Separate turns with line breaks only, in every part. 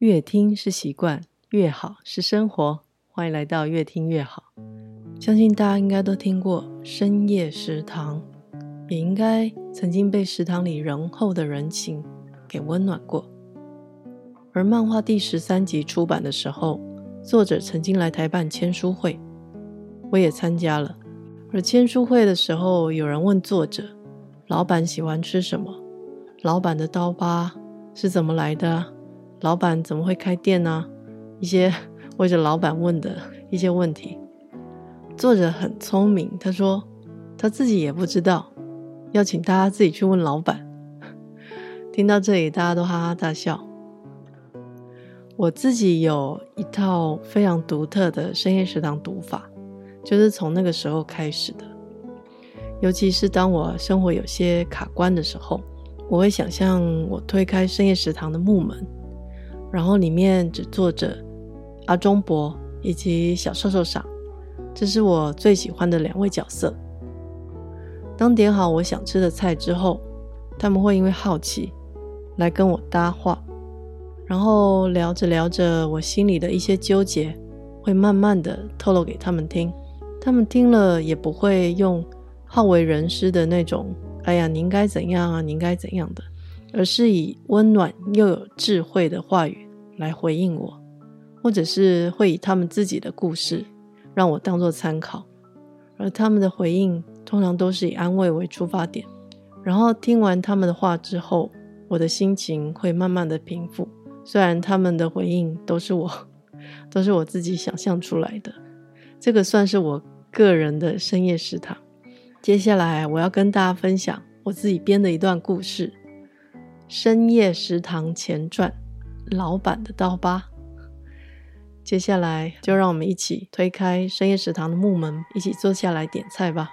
閱聽是習慣，閱好是生活。歡迎來到越聽越好。相信大家應該都聽過《深夜食堂》，也應該曾經被食堂裡仁厚的人情給溫暖過。而漫畫第十三集出版的時候，作者曾經來台辦簽書會，我也參加了。而簽書會的時候，有人問作者：“老闆喜歡吃什麼？老闆的刀疤是怎麼來的？”老板怎麼會開店呢、啊？一些圍著老板問的一些問題，作者很聰明，他說他自己也不知道，要請大家自己去問老板。聽到這裡，大家都哈哈大笑。我自己有一套非常獨特的深夜食堂讀法，就是從那個時候開始的。尤其是當我生活有些卡關的時候，我會想象我推開深夜食堂的木門。然後裡面只坐着阿忠伯以及小壽壽桑，這是我最喜歡的兩位角色。當點好我想吃的菜之後，他們會因為好奇來跟我搭話，然後聊着聊着，我心裡的一些糾結會慢慢的透露給他們聽，他們聽了也不會用好為人師的那種“哎呀，您該怎樣啊，您該怎樣的”。而是以溫暖又有智慧的話語來回應我，或者是會以他們自己的故事讓我當作參考，而他們的回應通常都是以安慰為出發點。然後聽完他們的話之後，我的心情會慢慢的平復。雖然他們的回應都是我，都是我自己想象出來的，這個算是我個人的深夜食堂。接下來我要跟大家分享我自己編的一段故事。深夜食堂前傳，老闆的刀疤。接下來，就讓我們一起推開深夜食堂的木門，一起坐下來點菜吧。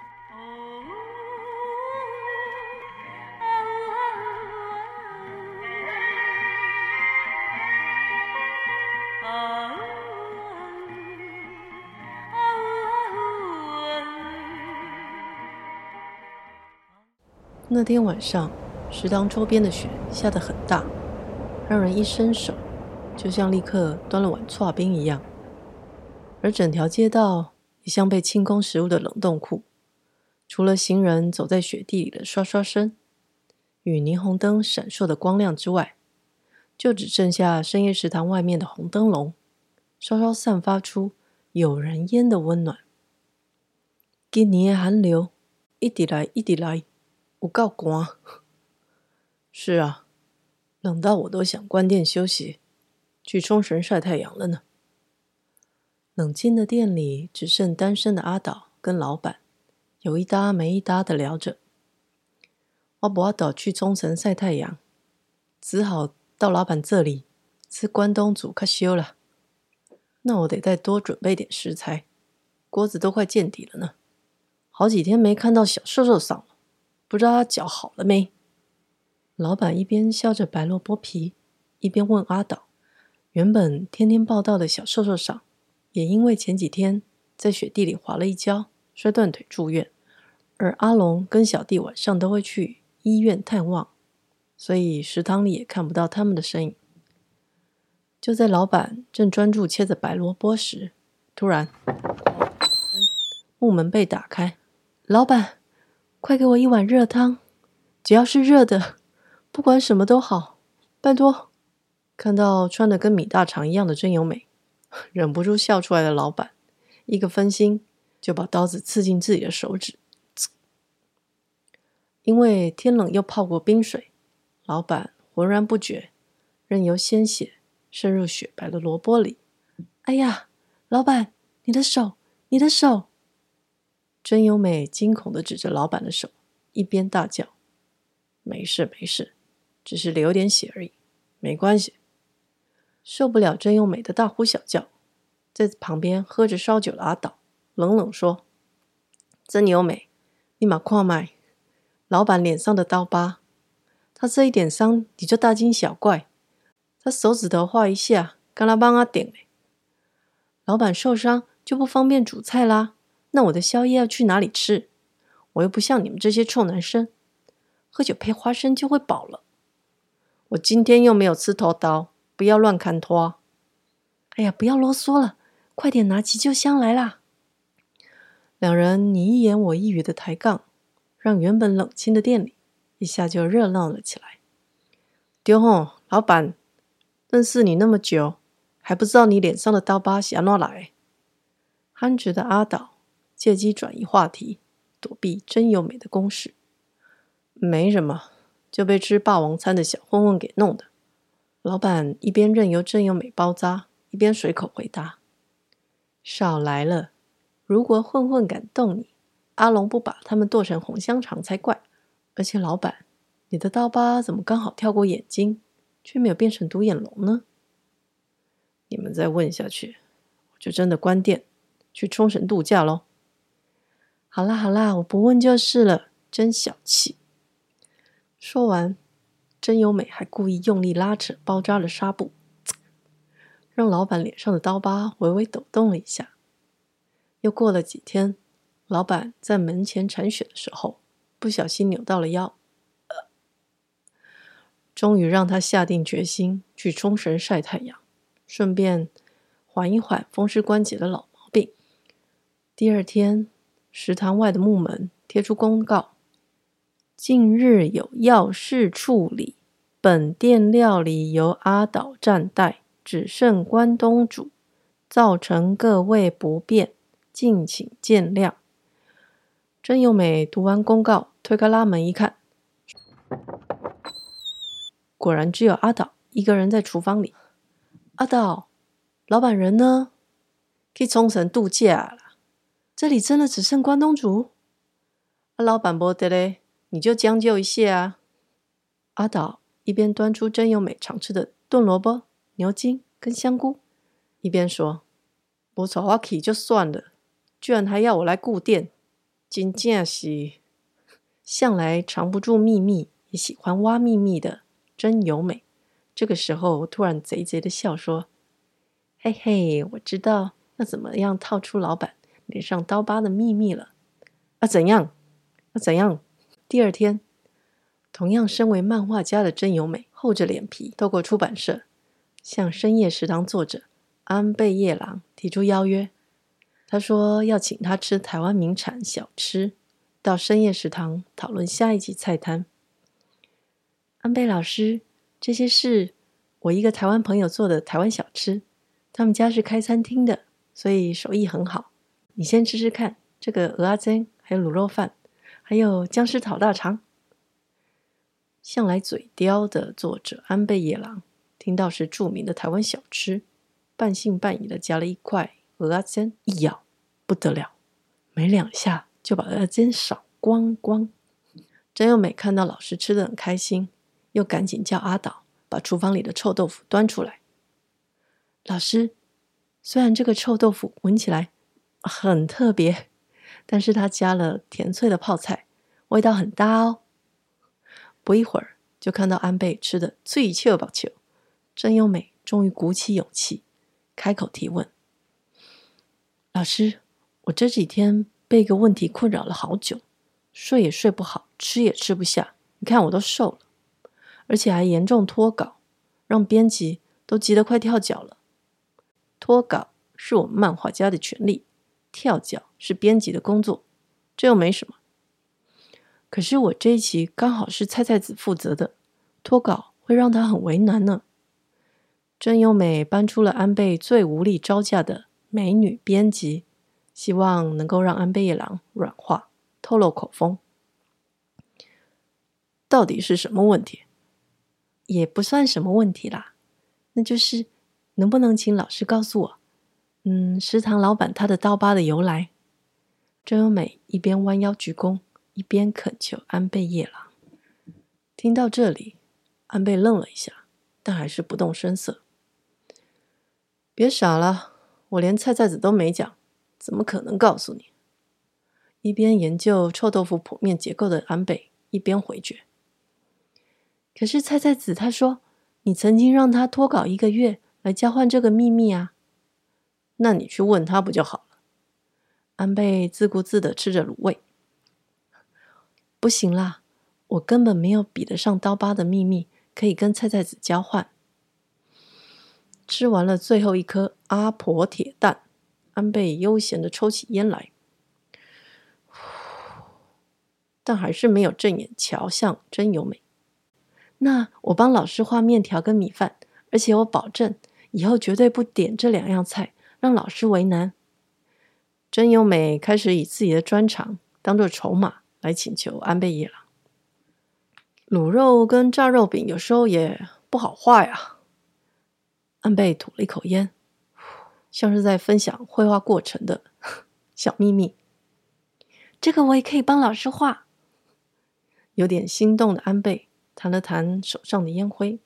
那天晚上，食堂周邊的雪下得很大，讓人一伸手就像立刻端了碗搓冰一樣。而整條街道也像被清空食物的冷凍庫，除了行人走在雪地裡的刷刷聲與霓虹燈閃，閃爍的光亮之外，就只剩下深夜食堂外面的紅燈籠稍稍散發出有人煙的溫暖。今年的寒流一直來一直來，有夠寒。是啊，冷到我都想關店休息，去沖繩曬太陽了呢。冷清的店裡只剩單身的阿島跟老闆，有一搭沒一搭的聊着。阿不阿島去沖繩曬太陽，只好到老闆這裡吃關東煮，快休了。那我得再多準備點食材，鍋子都快見底了呢。好幾天沒看到小壽壽桑了，不知道他腳好了沒？老板一邊削着白蘿蔔皮，一邊問阿島：“原本天天報到的小壽壽桑，也因為前幾天在雪地裡滑了一跤，摔斷腿住院。而阿龍跟小弟晚上都會去醫院探望，所以食堂裡也看不到他們的身影。”就在老板正專注切着白蘿蔔時，突然木門被打開：“老板，快給我一碗熱湯，只要是熱的。”不管什麼都好，拜託。看到穿的跟米大腸一樣的真由美，忍不住笑出來的老闆，一個分心就把刀子刺進自己的手指，因為天冷又泡過冰水，老闆渾然不覺，任由鮮血滲入雪白的蘿蔔裡。哎呀，老闆，你的手，你的手！真由美驚恐的指着老闆的手，一邊大叫：“沒事，沒事。”只是流點血而已，沒關係。受不了真由美的大呼小叫，在旁邊喝着燒酒的阿島冷冷說：“真由美，你馬快賣！老闆臉上的刀疤，他這一點傷，你就大驚小怪？他手指頭劃一下，乾啦幫阿頂嘞。老闆受傷就不方便煮菜啦，那我的宵夜要去哪裡吃？我又不像你們這些臭男生，喝酒配花生就會飽了。”我今天又沒有刺頭刀，不要亂砍拖。哎呀，不要囉嗦了，快點拿急救箱來啦！兩人你一言我一語的抬槓，讓原本冷清的店裡一下就熱鬧了起來。丟吼，老闆，認識你那麼久，還不知道你臉上的刀疤是阿哪來？憨直的阿島借機轉移話題，躲避真由美的攻勢。沒什麼。就被吃霸王餐的小混混給弄的。老闆一邊任由真由美包扎，一邊隨口回答：“少來了，如果混混敢動你，阿龍不把他們剁成紅香腸才怪。而且老闆，你的刀疤怎麼剛好跳過眼睛，卻沒有變成獨眼龍呢？你們再問下去，我就真的關店，去沖繩度假嘍。好啦好啦，我不問就是了，真小氣。”說完，真由美還故意用力拉扯，包紮了紗布，讓老板臉上的刀疤微微抖動了一下。又過了幾天，老板在門前鏟雪的時候，不小心扭到了腰，呃，終於讓他下定決心去沖繩曬太陽，順便緩一緩風濕關節的老毛病。第二天，食堂外的木門貼出公告。近日有要事處理，本店料理由阿島暫代，只剩關東煮，造成各位不便，敬請見諒。真由美讀完公告，推開拉門一看，果然只有阿島一個人在廚房裡。阿島，老闆人呢？去沖繩度假了。這裡真的只剩關東煮？阿老闆不得嘞？你就將就一些啊！阿島一邊端出真由美常吃的燉蘿蔔、牛筋跟香菇，一邊說：“不錯，OK 就算了，居然還要我來顧店，真正是向來藏不住秘密，也喜歡挖秘密的真由美。”這個時候，我突然賊賊的笑說：“嘿嘿，我知道要怎麼樣套出老板臉上刀疤的秘密了！啊，怎樣？啊，怎樣？”第二天，同樣身為漫畫家的真由美厚着臉皮，透過出版社，向深夜食堂作者安倍夜郎提出邀約。他說要請他吃台灣名產小吃，到深夜食堂討論下一集菜單。安倍老師，這些是我一個台灣朋友做的台灣小吃，他們家是開餐廳的，所以手藝很好。你先吃吃看，這個蚵仔煎還有滷肉飯。還有薑絲炒大腸。向來嘴刁的作者安倍夜郎聽到是著名的台灣小吃，半信半疑的夾了一塊蚵仔煎，一咬不得了，沒兩下就把蚵仔煎掃光光。真由美看到老師吃得很開心，又趕緊叫阿島把廚房裡的臭豆腐端出來。老師，雖然這個臭豆腐聞起來很特別。但是他加了甜脆的泡菜，味道很搭哦。不一會兒，就看到安倍吃得醉氣兒飽球，真由美。終於鼓起勇氣，開口提問：“老師，我這幾天被一個問題困擾了好久，睡也睡不好，吃也吃不下。你看我都瘦了，而且還嚴重脫稿，讓編輯都急得快跳腳了。脫稿是我們漫畫家的權利。”跳腳是編輯的工作，這又沒什麼。可是我這一期剛好是菜菜子負責的，脫稿會讓他很為難呢。真由美搬出了安倍最無力招架的美女編輯，希望能夠讓安倍夜郎軟化，透露口風。到底是什麼問題？也不算什麼問題啦，那就是能不能請老師告訴我？嗯，食堂老闆他的刀疤的由來。真由美一邊彎腰鞠躬，一邊懇求安倍夜郎。聽到這裡，安倍愣了一下，但還是不動聲色。別傻了，我連菜菜子都沒講，怎麼可能告訴你？一邊研究臭豆腐剖面結構的安倍，一邊回絕。可是菜菜子她說：“你曾經讓她脫稿一個月，來交換這個秘密啊。”那你去問他不就好了？安倍自顧自的吃着滷味，不行啦，我根本沒有比得上刀疤的秘密，可以跟菜菜子交換。吃完了最後一顆阿婆鐵蛋，安倍悠閒的抽起煙來呼，但還是沒有正眼瞧向真由美。那我幫老師畫麵條跟米飯，而且我保證以後絕對不點這兩樣菜，讓老師為難，真由美開始以自己的專長當做籌碼來請求安倍夜郎。滷肉跟炸肉餅有時候也不好畫呀。安倍吐了一口煙，像是在分享繪畫過程的小秘密。這個我也可以幫老師畫。有點心動的安倍彈了彈手上的煙灰，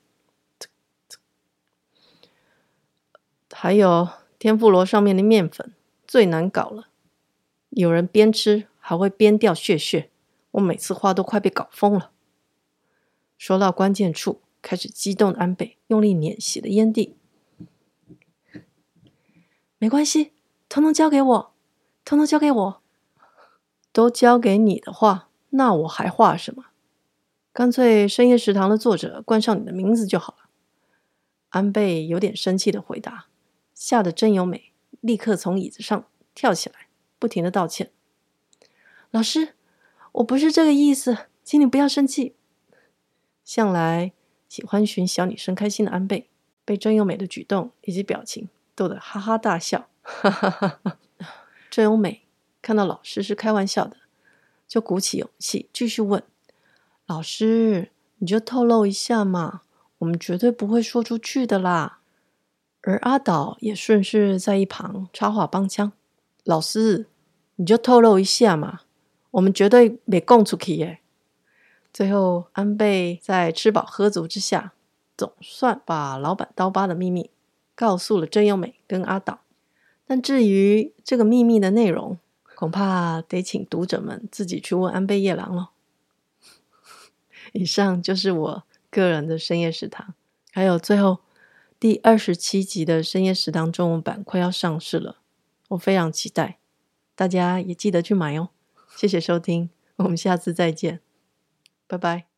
還有。天婦羅上面的麵粉最難搞了，有人邊吃還會邊掉屑屑，我每次畫都快被搞瘋了。說到關鍵處，開始激動的安倍用力碾熄了煙蒂。沒關係，統統交給我，統統交給我。都交給你的話，那我還畫什麼？乾脆深夜食堂的作者冠上你的名字就好了。安倍有點生氣的回答。嚇得真由美立刻從椅子上跳起來，不停的道歉：“老師，我不是這個意思，請你不要生氣。”向來喜歡尋小女生開心的安倍被真由美的舉動以及表情逗得哈哈大笑。 真由美看到老師是開玩笑的，就鼓起勇氣繼續問：“老師，你就透露一下嘛，我們絕對不會說出去的啦。”而阿島也順勢在一旁插話幫腔：“老師，你就透露一下嘛，我們絕對沒供出去耶。”最後，安倍在吃飽喝足之下，總算把老闆刀疤的秘密告訴了真由美跟阿島。但至於這個秘密的內容，恐怕得請讀者們自己去問安倍夜郎囉。以上就是我個人的深夜食堂，還有最後。第二十七集的《深夜食堂》中文版快要上市了，我非常期待，大家也記得去買哦。謝謝收聽， 我們下次再見，拜拜。